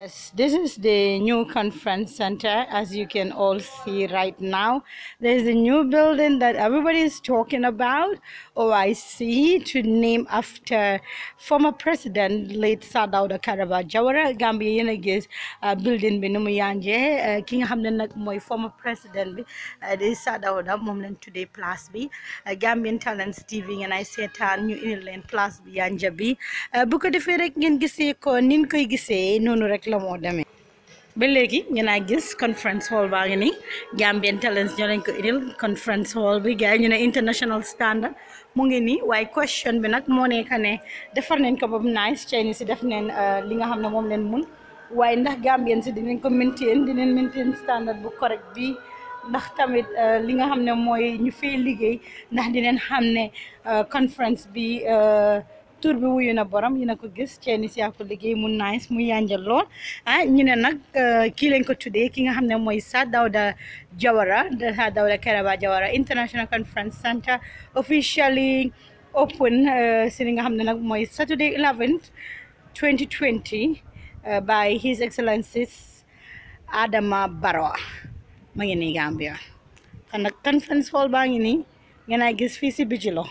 Yes, this is the new conference center as you can all see right now. There's a new building that everybody is talking about OIC to name after former president late Sadauda Karaba Jawara Gambia yéen a uh, building bi nu uh, King yànjee ki former president bi uh, di Sadauda moom today plus place bi Gambian talent, TV and I seetaan ñu new leen plus bi yànja bi bu ko defee rek ko nin rek la moo demee. ba léegi ngeen naa gis conference hall baa nga ni Gambian Talents ñoo leen ko indil conference hall bi gars ñu ne international standard mu ngi nii waaye question bi nag moo nekk ne defar neen ko ba mu nice Chinese si def neen euh, li nga xam ne moom leen mun waaye ndax Gambian si dinañ ko maintain dinañ maintain standard bu correct bi ndax tamit euh, li nga xam ne mooy ñu fay liggéey ndax dinañ xam ne euh, conference bi. tour bi wuyu na borom yéen ko gis ceeni si yaa ko mu nice mu yanjal lool ah ñu ne nag euh, kii lañ ko tuddee ki nga xamné moy sa Dawda Jawara Sir dawla karaba Jawara International Conference Center officially open euh, si nga xamné nak moy Saturday 11 2020 euh, by His excellency Adama Barrow ma ngi ni Gambia kon conference hall bang ngi ni ngay gis fi ci Bijilo